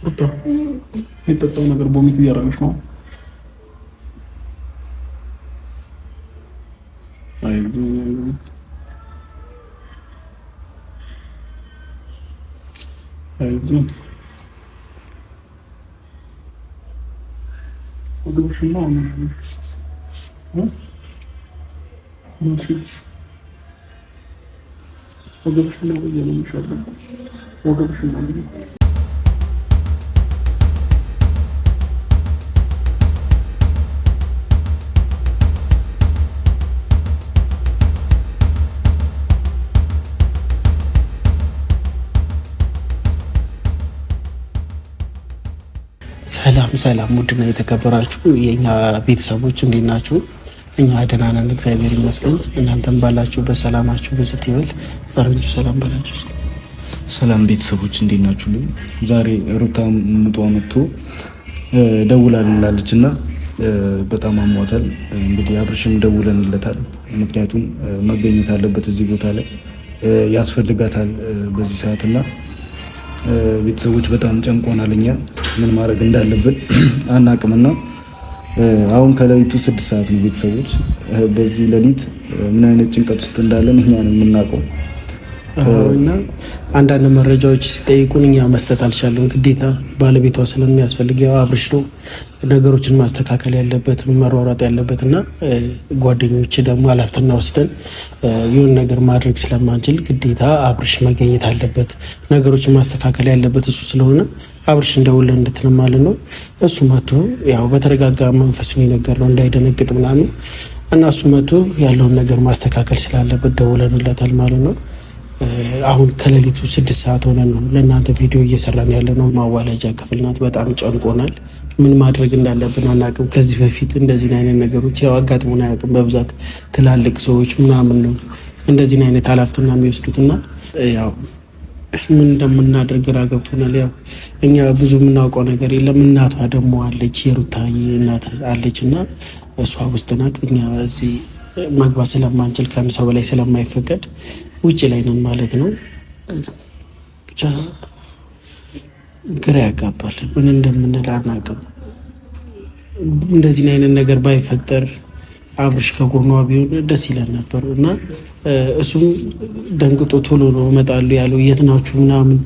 Круто. Это он, наверное, будет вера, вишно. Ay, bilmiyorum. Aydın. O da başında olmuş. Ha? Nasıl? O da başında olmuş. O da başında olmuş. ሰላም ሰላም፣ ውድና የተከበራችሁ የእኛ ቤተሰቦች እንዴት ናችሁ? እኛ ደህና ነን፣ እግዚአብሔር ይመስገን። እናንተም ባላችሁ በሰላማችሁ ብዝት ይበል። ፈረንጁ ሰላም በላችሁ። ሰላም ቤተሰቦች እንዴት ናችሁ? ዛሬ ሩታ ምጧ መጥቶ ደውላልናለች እና በጣም አሟታል። እንግዲህ አብርሽም ደውለንለታል። ምክንያቱም መገኘት አለበት እዚህ ቦታ ላይ ያስፈልጋታል በዚህ ሰዓት እና ቤተሰቦች በጣም ጨንቆናል። እኛ ምን ማድረግ እንዳለብን አናቅምና አሁን ከሌሊቱ ስድስት ሰዓት ነው ቤተሰቦች። በዚህ ሌሊት ምን አይነት ጭንቀት ውስጥ እንዳለን እኛን የምናውቀው እና አንዳንድ መረጃዎች ሲጠይቁን እኛ መስጠት አልቻለም። ግዴታ ባለቤቷ ስለሚያስፈልግ ያው አብርሽ ነው ነገሮችን ማስተካከል ያለበት መሯሯጥ ያለበት እና ጓደኞች ደግሞ አላፍትና ወስደን ይሁን ነገር ማድረግ ስለማንችል ግዴታ አብርሽ መገኘት አለበት፣ ነገሮችን ማስተካከል ያለበት እሱ ስለሆነ አብርሽ እንደውለ እንድትንማል ነው እሱ መቶ ያው በተረጋጋ መንፈስ ነገር ነው እንዳይደነግጥ ምናምን እና እሱ መቶ ያለውን ነገር ማስተካከል ስላለበት ደውለንለታል ማለት ነው። አሁን ከሌሊቱ ስድስት ሰዓት ሆነ ነው ለእናንተ ቪዲዮ እየሰራን ያለ ነው። ማዋለጃ ክፍል ናት። በጣም ጨንቆናል። ምን ማድረግ እንዳለብን አናቅም። ከዚህ በፊት እንደዚህ አይነት ነገሮች ያው አጋጥሞን አያውቅም። በብዛት ትላልቅ ሰዎች ምናምን ነው እንደዚህን አይነት የሚወስዱት እና ያው ምን እንደምናደርግ ግራ ገብቶናል። ያው እኛ ብዙ የምናውቀው ነገር የለም። እናቷ ደግሞ አለች፣ የሩታዬ እናት አለች እና እሷ ውስጥ ናት። እኛ እዚህ መግባት ስለማንችል ከአንድ ሰው በላይ ስለማይፈቀድ ውጭ ላይ ነን ማለት ነው። ብቻ ግራ ያጋባል። ምን እንደምንል አናውቅም። እንደዚህ አይነት ነገር ባይፈጠር አብርሽ ከጎኗ ቢሆን ደስ ይለን ነበር እና እሱም ደንግጦ ቶሎ ነው እመጣለሁ ያለው። የት ናችሁ ምናምን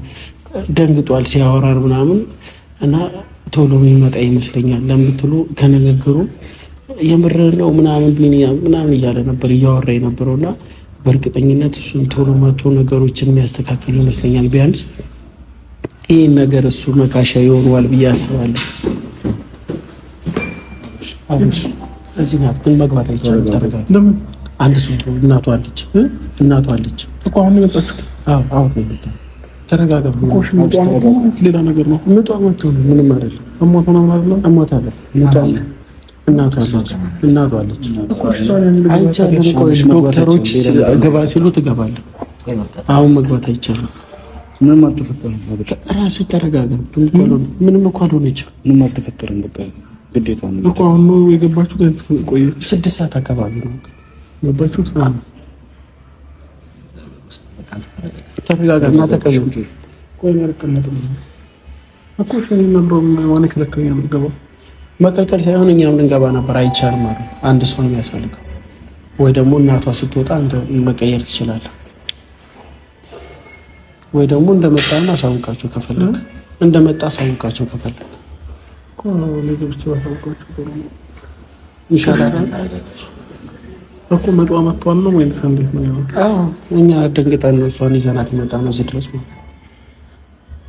ደንግጧል ሲያወራን ምናምን እና ቶሎ የሚመጣ ይመስለኛል ለምትሉ ከንግግሩ የምር ነው ምናምን ምናምን እያለ ነበር እያወራ የነበረው እና በእርግጠኝነት እሱን ቶሎ መቶ ነገሮችን የሚያስተካክል ይመስለኛል። ቢያንስ ይህን ነገር እሱ መካሻ ይሆነዋል ብዬ አስባለሁ። እዚህ ናት ግን መግባት አይቻልም። ተረጋጋ። አንድ ሰው እናቷ አለች፣ እናቷ አለች እኮ አሁን የመጣችው። አዎ አሁን ነው ተረጋጋ። ሌላ ነገር ነው ምንም አይደለም። እናቷ አለች ዶክተሮች ግባ ሲሉ ትገባለህ። አሁን መግባት አይቻልም። ምንም አልተፈጠረም። ራስህ ተረጋጋ። ምንም እኮ አልሆነችም። ምንም አልተፈጠረም። ግዴታ እኮ አሁን ነው የገባችሁት። ስድስት ሰዓት አካባቢ ነው የገባችሁት። ተረጋጋ ቆይ ነው የምንገባው መከልከል ሳይሆን እኛም ልንገባ ነበር። አይቻልም አሉ። አንድ ሰው ነው የሚያስፈልገው፣ ወይ ደግሞ እናቷ ስትወጣ አንተ መቀየር ትችላለህ፣ ወይ ደግሞ እንደመጣና አሳውቃቸው ከፈለግ እንደመጣ አሳውቃቸው ከፈለግ ይሻላል እኮ መጣ መጥቷል ነው ወይስ እንዴት ነው? እኛ ደንግጠን ነው እሷን ይዘናት የመጣ ነው እዚህ ድረስ ማለት ነው።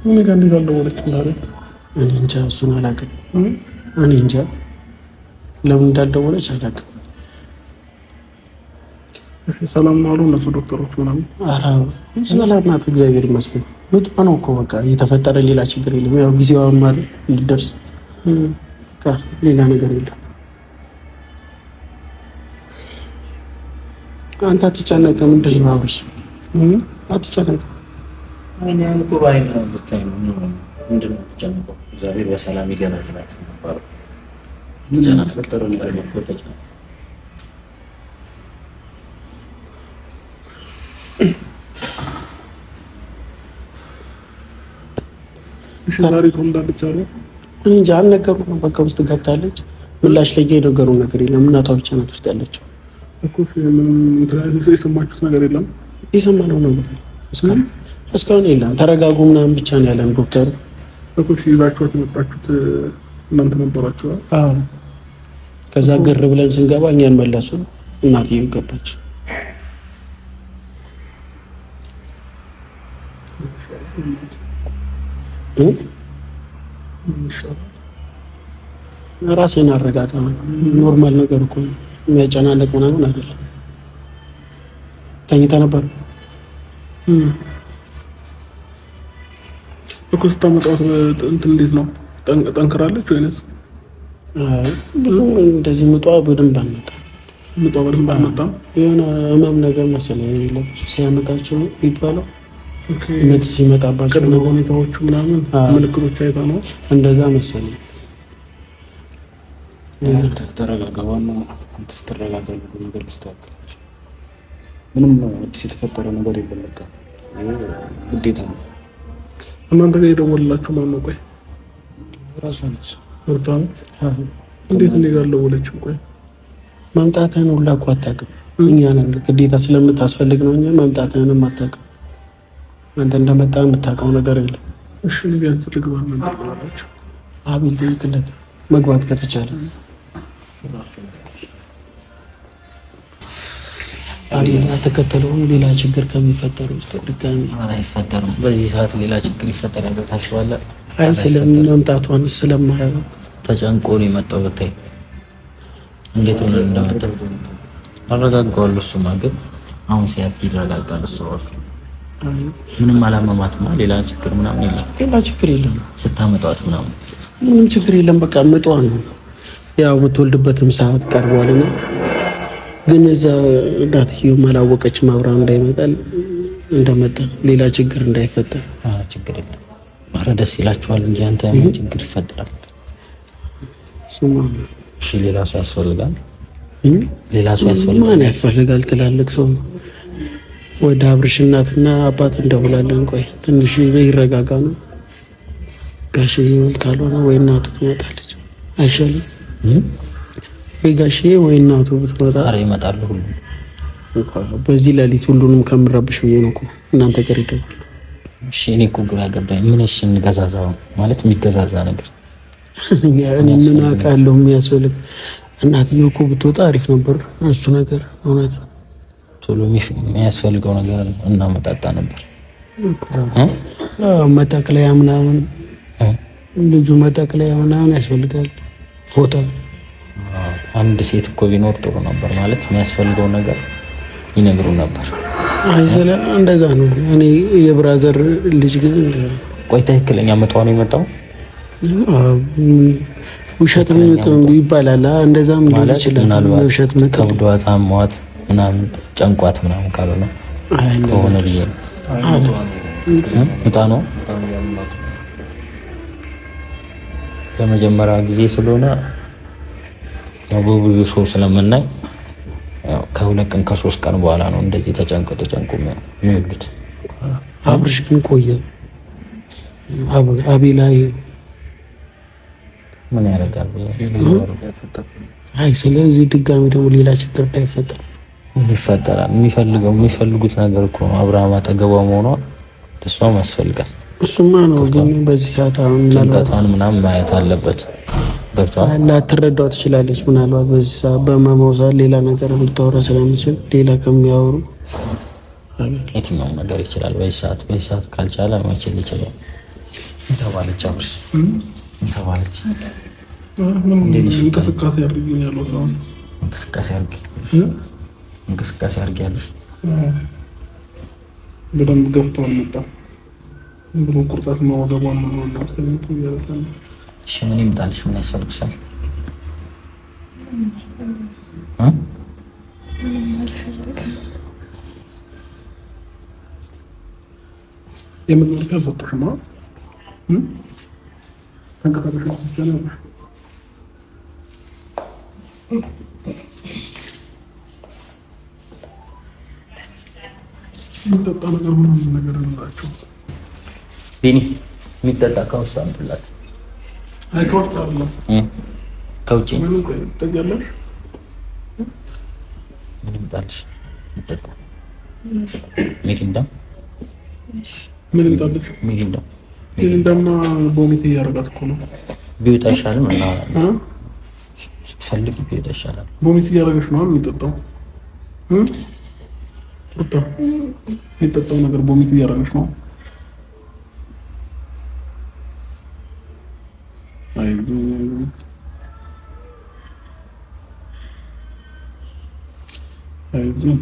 እኔ ጋር እንዴት አልደወለችም ማለት እኔ እንጃ እሱን አላውቅም። እኔ እንጃ ለምን እንዳልደወለች አላውቅም። ሰላም ማሉ እነሱ ዶክተሮች ምናምን? ኧረ ሰላም ናት፣ እግዚአብሔር ይመስገን። ምጧ ነው እኮ በቃ የተፈጠረ ሌላ ችግር የለም። ያው ጊዜዋ ማል እንድደርስ ሌላ ነገር የለም። አንተ አትጨነቅም፣ ምንድን ነው አብርሽ አትጨነቅም? እግዚአብሔር በሰላም ይገናኛል የሚባለው ህጻናት ፍቅር መገለጫ ተራሪቱ እንዳለች አለ እንጂ አልነገሩም ነው። በቃ ውስጥ ገብታለች። ምላሽ ላይ የነገሩ ነገር የለም። እናቷ ብቻ ናት ውስጥ ያለችው። የሰማችሁት ነገር የለም። የሰማነው ነው እስካሁን የለም። ተረጋጉ ምናምን ብቻ ነው ያለን ዶክተሩ ሰዎች ይዛችኋት የመጣችሁት እናንተ ነበራችሁ? አዎ። ከዛ ግር ብለን ስንገባ እኛን መለሱ። እናትዬው ገባች። ራስን አረጋጋ። ኖርማል ነገር እኮ የሚያጨናነቅ ምናምን አይደለም። ተኝተ ነበር እኮ ስታመጣት እንትን እንዴት ነው ጠንክራለች ወይነስ? ብዙ እንደዚህ ምጧ በደንብ አልመጣም። ምጧ በደንብ አልመጣም። የሆነ ህመም ነገር መሰለኝ የለብሱ ሲያመጣቸው ይባለው ምት ሲመጣባቸው ሁኔታዎቹ ምናምን ምልክቶች አይታ ነው እንደዛ መሰለኝ። ተረጋጋባና ስትረጋጋ ነገር ልስተካከላቸው። ምንም አዲስ የተፈጠረ ነገር የለም። በቃ ግዴታ ነው እናንተ ጋር የደወለላችሁ ማን ነው? ቆይ ራሷ ነው። እንዴት እኔ ጋር ቆይ መምጣትህን ሁላ እኮ አታውቅም። ግዴታ ስለምታስፈልግ ነው እንጂ መምጣትህንም አታውቅም። አንተ እንደመጣ የምታውቀው ነገር የለም። እሺ ቢያንስ ልግባ አቤል ጠይቅለት መግባት ከተቻለ ሌላ ተከተለውም ሌላ ችግር ከሚፈጠሩ ውስጥ ድጋሚ አይፈጠርም። በዚህ ሰዓት ሌላ ችግር ይፈጠራል ታስባለህ? አይ ስለመምጣቷን ስለማያውቅ ተጨንቆ ነው የመጣው። ብታይ እንዴት ሆነ እንደመጣ አረጋግጠዋለሁ። እሱማ ግን አሁን ሲያት ይረጋጋል እሱ ራሱ ምንም አላመማትማ። ሌላ ችግር ምናምን የለም። ሌላ ችግር የለም። ስታመጣት ምናምን ምንም ችግር የለም። በቃ ምጧ ነው ያው የምትወልድበትም ሰዓት ቀርቧልና ግን እዛ እናትየው አላወቀች ማብራ እንዳይመጣል እንደመጣ ሌላ ችግር እንዳይፈጠር ችግር የለም። ኧረ ደስ ይላችኋል እንጂ አንተ ምን ችግር ይፈጠራል? እሺ ሌላ ሰው ያስፈልጋል። ሌላ ሰው ያስፈልጋል። ማን ያስፈልጋል? ትላልቅ ሰው ወደ አብርሽ እናትና አባት እንደውላለን። ቆይ ትንሽ ይረጋጋ ነው ጋሽ። ካልሆነ ወይ እናቱ ትመጣለች አይሻልም? ጋሼ ወይ እናቱ ብትመጣ ይመጣሉ። በዚህ ሌሊት ሁሉንም ከምረብሽ ብዬ ነው እናንተ ጋር ይደውል። እኔ እኮ ግራ ገባኝ። ምን እሺ እንገዛዛው ማለት የሚገዛዛ ነገር እኔ ምን አውቃለሁ የሚያስፈልግ እናትዬው እኮ ብትወጣ አሪፍ ነበር። እሱ ነገር እውነት ቶሎ የሚያስፈልገው ነገር እናመጣጣ ነበር። መጠቅለያ ምናምን ልጁ መጠቅለያ ምናምን ያስፈልጋል ፎታ አንድ ሴት እኮ ቢኖር ጥሩ ነበር ማለት የሚያስፈልገው ነገር ይነግሩ ነበር። አይዘለ እንደዛ ነው። እኔ የብራዘር ልጅ ግን ቆይ ትክክለኛ መቷ ነው የመጣው ውሸት ይባላል። እንደዛም ሊሆን ይችላል። ውሸት ከብዷት አሟት ምናምን ጨንቋት ምናምን ካልሆነ ከሆነ ብዬ ነው ምጣ ነው ለመጀመሪያ ጊዜ ስለሆነ በብዙ ሰው ስለምናይ ከሁለት ቀን ከሶስት ቀን በኋላ ነው እንደዚህ ተጨንቆ ተጨንቆ የሚወዱት። አብርሽ ግን ቆየ። ላይ ምን ያደርጋል? አይ ስለዚህ ድጋሚ ደግሞ ሌላ ችግር እንዳይፈጠር ይፈጠራል። የሚፈልገው የሚፈልጉት ነገር እኮ ነው። አብርሃም አጠገቧ መሆኗ እሷም ያስፈልጋል። እሱማ ነው ግን በዚህ ሰዓት አሁን ጭንቀቷን ምናምን ማየት አለበት። እና ትረዳው ትችላለች። ምናልባት በዚህ ሰዓት በማማውሳት ሌላ ነገር ልታወራ ስለምችል ሌላ ከሚያወሩ የትኛውም ነገር ይችላል። በዚህ ሰዓት በዚህ ሰዓት ካልቻለ መችል ይችላል። ተባለች አብርሽ ተባለች እንቅስቃሴ እንቅስቃሴ አድርጊ ያሉሽ በደንብ ገፍቶ አልመጣም ብሎ ቁርጣት ማወገቧን ሽምን ይምጣል። ሽምን ያስፈልግሻል። የሚጠጣ ነገር ምናምን ነገር ላቸው ቤኒ የሚጠጣ ከውስጥ አምጡላት ከውጭ ምንም ጣልሽ ይጠጣ ሚሪንዳ ምንም ጣልሽ ሚሪንዳ ሚሪንዳማ ቦሚት እያደረጋት እኮ ነው። ቢወጣ ይሻልም እና ስትፈልግ ቢወጣ ይሻላል። ቦሚት እያደረገች ነው የሚጠጣው የሚጠጣው ነገር ቦሚት እያደረገች ነው Hayırlı Hayırlı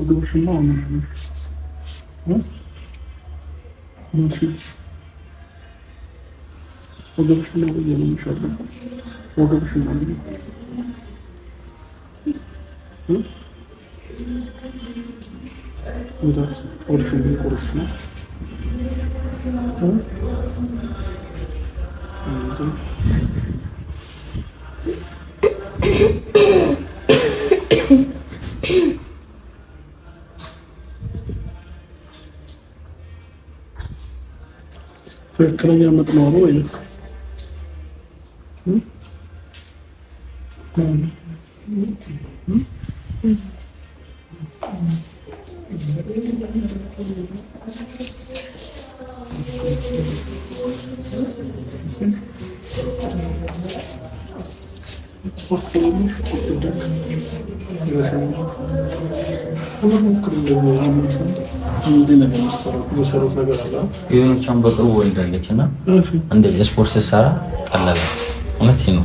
O da başında olmuyor. Ha? Nasıl? O da başında oluyor inşallah. O da başında oluyor. Hı? Bu da orijinal korusuna. semu, semu, terkadangnya masih malu የሆነች በቅርቡ ወልዳለች እና እንደዚህ ስፖርት ስትሰራ ቀለላት። እውነት ነው።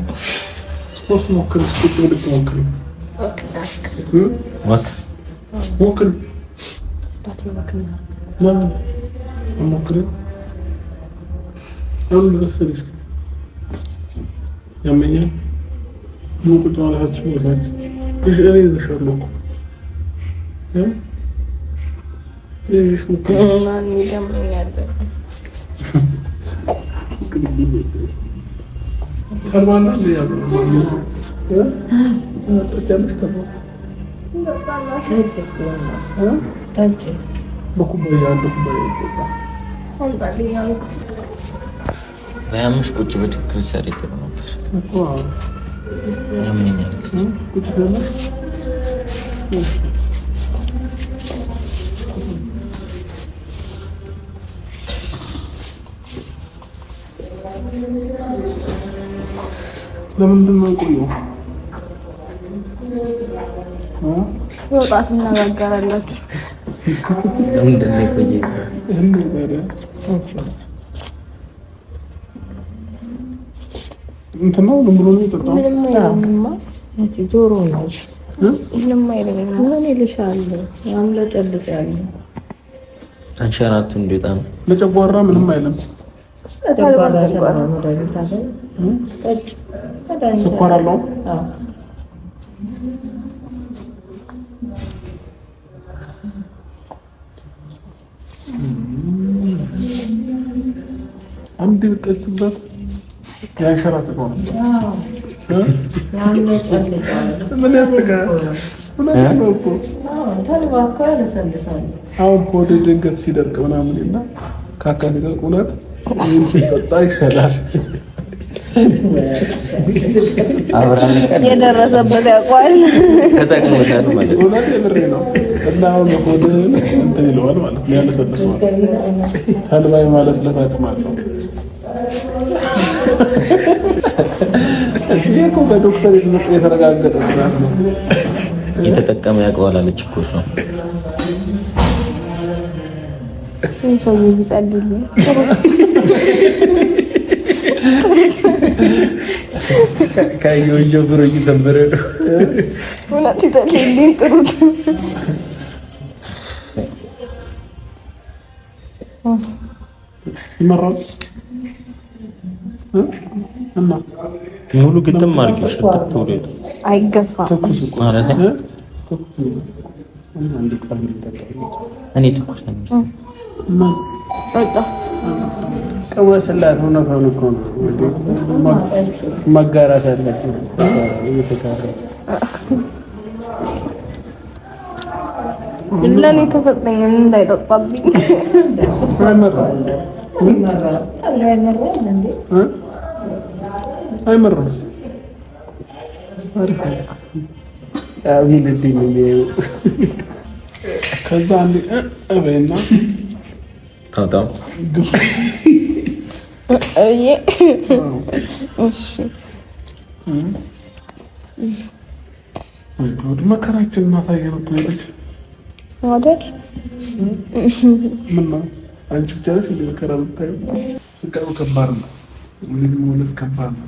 ስፖርት ሞክር፣ ስፖርት ሞክር፣ ሞክር ሞክር ያመኛል Ну, куда она отсюда? Ты же видишь, Шерлок. Да? Ты же шмука. Она не для меня, да. Karmandan Ya? Ha, Türkçemiz tabu. Tente istiyorum ben. Ha? Tente. Dokunma ya, dokunma ya. Ondan bir yanı. Beğenmiş bu Wow. namanya Lemon din ya. kuyo. Ha? Wala pa na lang karan lang. Lemon din mo kuyo. Hindi ba 'yan? Okay. እንትን ነው ዝም ብሎ የሚጠጣው ጆሮ ነው። ምንም አይደለም። ነው? ለጨጓራ ምንም አይለም። ስኳር አለው አንድ ብጠጭበት ያንሸራጥቀው ነው። ምን ያደርጋል? ድንገት ሲደርቅ ምናምን የለ ካካ ሲደርቅ እውነት ይህን ሲጠጣ ይሻላል። የደረሰበት ያውቋል። ተጠቅሞታል እውነት የምሬ ነው። እና አሁን ሆድህን እንትን ይለዋል ማለት ነው፣ ያለሰልሰዋል። ተልባይ ማለት ለታቅም አለው እኮ በዶክተር የተረጋገጠ የተጠቀመ ያውቀዋል አለች እኮ እሷ። ሰውዬ ቢጸልልኝ ካየሁ ጀምሮ እየዘመረ ነው። እውነት ይጸልይልኝ ጥሩ ይመራል እና ሙሉ ግጥም አድርጊው። ሽጥት ተውሎ አይገፋም። ትኩስ ማለት ነው። እኔ ትኩስ ነው። እውነቷን እኮ ነው። መጋራት አለብን። ለእኔ ተሰጠኝ እንዳይጠጣብኝ አይመርም። ጉድ መከራችን ማሳየን እኮ አይደል? ምነው አንቺ ብቻ ነሽ መከራ የምታየው? ስቃዩ ከባድ ነው። ልጅ ከባድ ነው።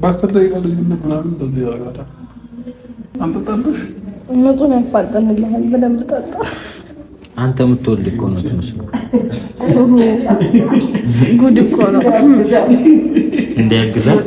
በአስር ደቂቃ ልዩነት ምናምን እንደዚህ ያደርጋታል። አንጠጣልሽ መጡን ያፋጠንልሃል። በደንብ ጠጣ። አንተ የምትወልድ እኮ ነው ትመስለው። ጉድ እኮ ነው እንዲያግዛት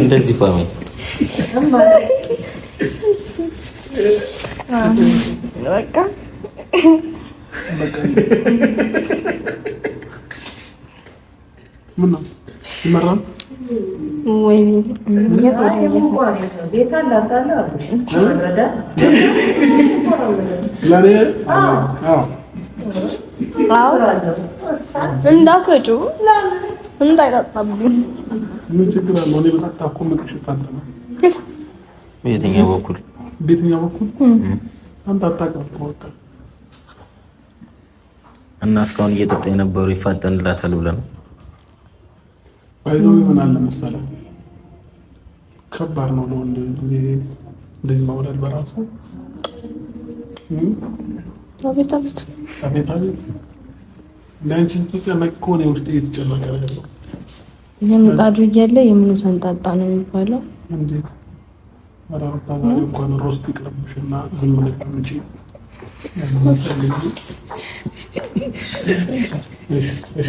እንደዚህ ፋሚሊ በቃ ምን ይመራል እንዳሰጩ እንዳይጠጣብኝ ምን በኩል በኩል አንተ አታውቅም እና እስካሁን እየጠጣ የነበሩ ይፋጠንላታል ብለህ ነው ባይዶ ምን አለ መሰለህ፣ ከባድ ነው ለወንድ ጊዜ እንደዚህ መውለድ በራሱ አቤት አቤት አቤት አቤት። ለአንቺ ስትጨነቅ እኮ እኔ እየተጨነቀ ያለው የምጣዱ እያለ የምኑ ሰንጣጣ ነው የሚባለው። እንዴት አራታ ዛሬ እንኳን ሮስት ይቅርብሽና ዝም ብለሽ ምጪ። እሺ እሺ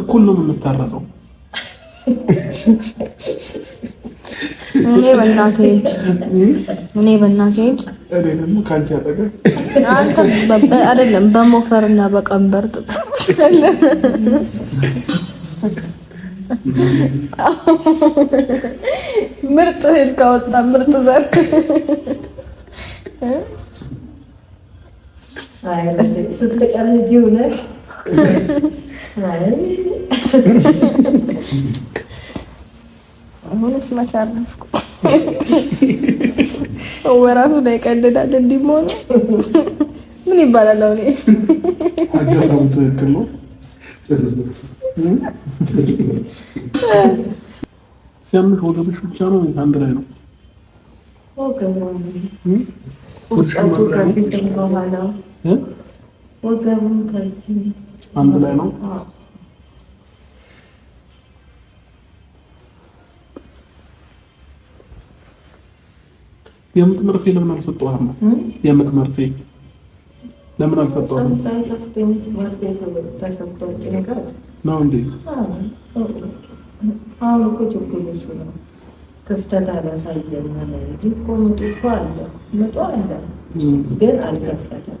እኩል ነው የምንታረሰው። እኔ በእናቴ ሂድ፣ እኔ በእናቴ ሂድ። እኔ ደግሞ ከአንቺ አጠገብ አይደለም በሞፈርና በቀንበር ጥጣ ምርጥ እህል ካወጣ ምርጥ ዘር ስትቀር ልጅ ሆነ አሁንስ መች አረፍኩ። ሰው በራሱ ላይ ቀልዳል። እንዲህ ምን ይባላል? አሁን አጋጣሚ ትክክል ነው። ሲያምሽ ወገብሽ ብቻ ነው አንድ ላይ ነው። ወገቡ ከዚህ አንድ ላይ ነው። የምጥ መርፌ ለምን አልሰጠሁም? የምጥ መርፌ ለምን አልሰጠሁም ነው እንዴ? ክፍተት አላሳየም እንጂ እኮ ምጡ አለ ምጡ አለ፣ ግን አልከፈተም።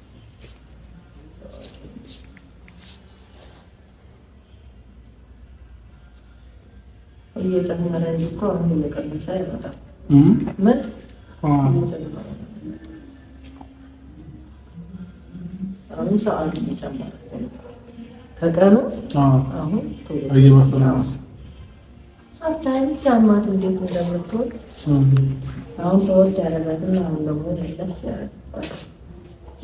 እየጨመረ እኮ አሁን እየቀነሰ ይመጣል። ምጥ እየጨመረ አሁን ሰዓት እየጨመረ ከቀኑ አሁን አታይም ሲያማት እንዴት እንደምትሆን አሁን ተወድ ያደረጋትና አሁን ደግሞ ደስ ያደረግባት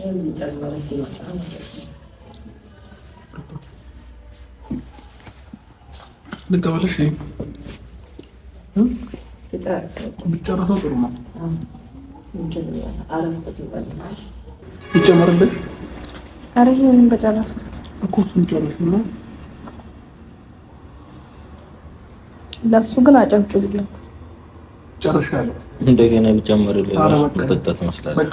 እየጨመረ ሲመጣ ልቀበለሽ ጨርሰው ጥሩ ነው። ይጨመርልሽ። ኧረ ይሄንን በጨረስኩ እኮ እሱን ጨርሽ ነው። ለእሱ ግን አጨብጭብለት። ጨርሻለሁ። እንደገና ቢጨመርልህ መጠጣት መስላለህ።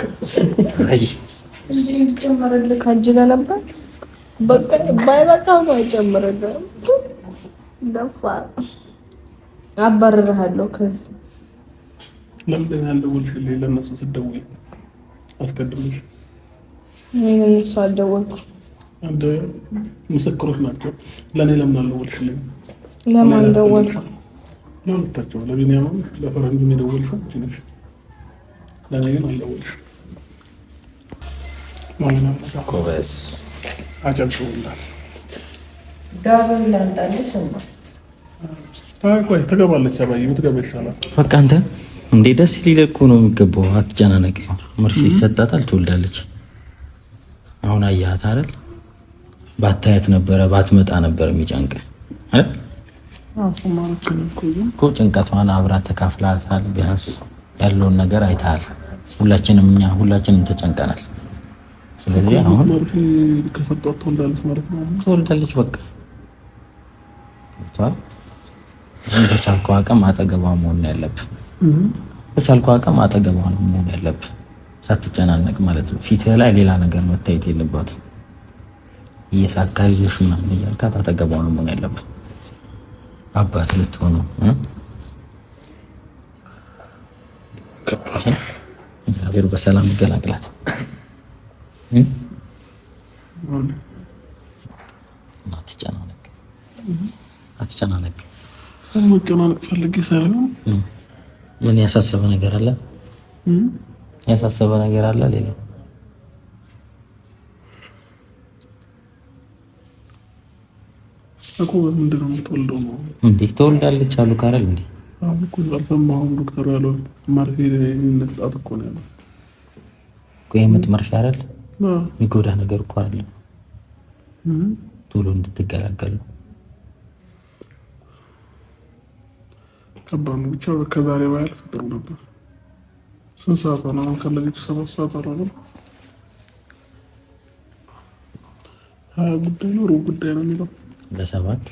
ከእጅ ለነበር ባይበቃ አይጨምርልህም። ደፋ አባርርሃለሁ ከዚህ ለምንድን ነው ያልደወልሽልኝ? ለእነሱ ስትደውይ አስቀድመሽ እኔ ለእነሱ አልደወልኩም። አንተ ምስክሮች ናቸው። ለእኔ ለምን አልደወልሽልኝ? ለማን አልደወልኩም? ለሁለታቸው፣ ለቢኒያምም ለፈረንጁም የደወልሽው አንቺ ነሽ። ለእኔ ግን አልደወልሽም። ጎበዝ አጨብጭቡላት። ጋብን ላምጣልሽ በቃ አንተ እንዴ ደስ ሊል እኮ ነው የሚገባው። አትጨናነቅ። መርፌ ይሰጣታል፣ ትወልዳለች። አሁን አያት አይደል? ባታያት ነበረ ባትመጣ ነበር የሚጨንቅ እኮ ጭንቀቷን አብራ ተካፍላታል። ቢያንስ ያለውን ነገር አይታል ሁላችንም እኛ ሁላችንም ተጨንቀናል። ስለዚህ አሁን ትወልዳለች በቃ በቻልከው አቅም አጠገቧ መሆን ያለብህ በቻልከው አቅም አጠገቧ ነው መሆን ያለብህ፣ ሳትጨናነቅ ማለት ነው። ፊትህ ላይ ሌላ ነገር መታየት የለባትም። እየሳካ ይዞሽ ምናምን እያልካት አጠገቧ ነው መሆን ያለብህ። አባት ልትሆኑ እግዚአብሔር በሰላም ይገላግላት። አትጨናነቅ፣ አትጨናነቅ መጨናነቅ ፈልጌ ሳይሆን ምን ያሳሰበ ነገር አለ? ያሳሰበ ነገር አለ? ሌላ እኮ ምንድን ነው የምትወልደው ነው እንዴ? ትወልዳለች አሉ ካረል እንዴ? አልሰማሁም። እኮ ነው ያለው። ቆይ አይደል? የሚጎዳ ነገር እኮ አለ። ቶሎ እንድትገላገሉ ከባድ ነው። ብቻ ከዛሬ ባያልፍ ጥሩ ነበር። ስንት ሰዓት ሆነ? አሁን ከሌሊቱ ሰባት ሰዓት አልሆነም። ሀያ ጉዳይ ነው ሩብ ጉዳይ ነው የሚለው ለሰባት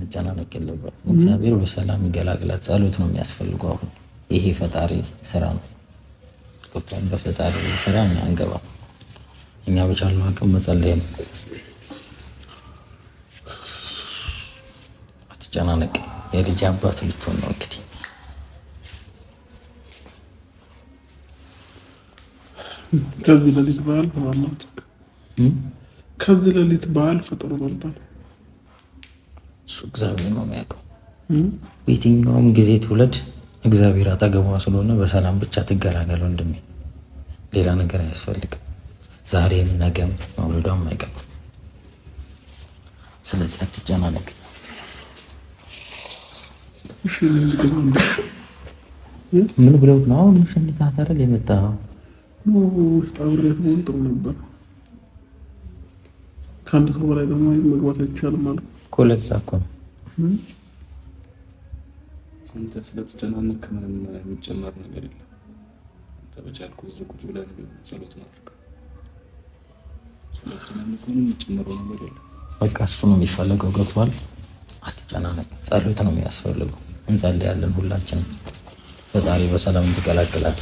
መጨናነቅ የለበትም። እግዚአብሔር በሰላም ይገላግላል። ጸሎት ነው የሚያስፈልገው። አሁን ይሄ ፈጣሪ ስራ ነው። በፈጣሪ ስራ እኛ አንገባ። እኛ በቻልነው አቅም መጸለይ ነው። አትጨናነቅ። የልጅ አባት ልትሆን ነው እንግዲህ ከዚህ ለሊት በዓል በማለት ከዚህ ለሊት በዓል ፈጥሮ በልባል እሱ እግዚአብሔር ነው የሚያውቀው። በየትኛውም ጊዜ ትውለድ፣ እግዚአብሔር አጠገቧ ስለሆነ በሰላም ብቻ ትገላገል ወንድሜ። ሌላ ነገር አያስፈልግም። ዛሬም ነገም መውለዷም አይቀርም። ስለዚህ አትጨናነቅ። ምን ብለውት ነው አሁን? ሸኝታ ታረል የመጣ ጥሩ ነበር። ከአንድ ሰው በላይ ደግሞ መግባት አይቻልም አለ እኮ። ለዛ እኮ ነው አንተ ስለተጨናነቅ ምንም የሚጨመር ነገር የለም። አንተ በቻልኩ እዚህ ቁጭ ብለን ጸሎት ማድረግ ስለተጨናነቅ ምንም የሚጨመረው ነገር የለም። በቃ እሱ ነው የሚፈለገው። ገብቷል። አትጨናነቅ። ጸሎት ነው የሚያስፈልገው። እንጸልያለን። ሁላችንም ፈጣሪ በሰላም እንዲቀላቅላት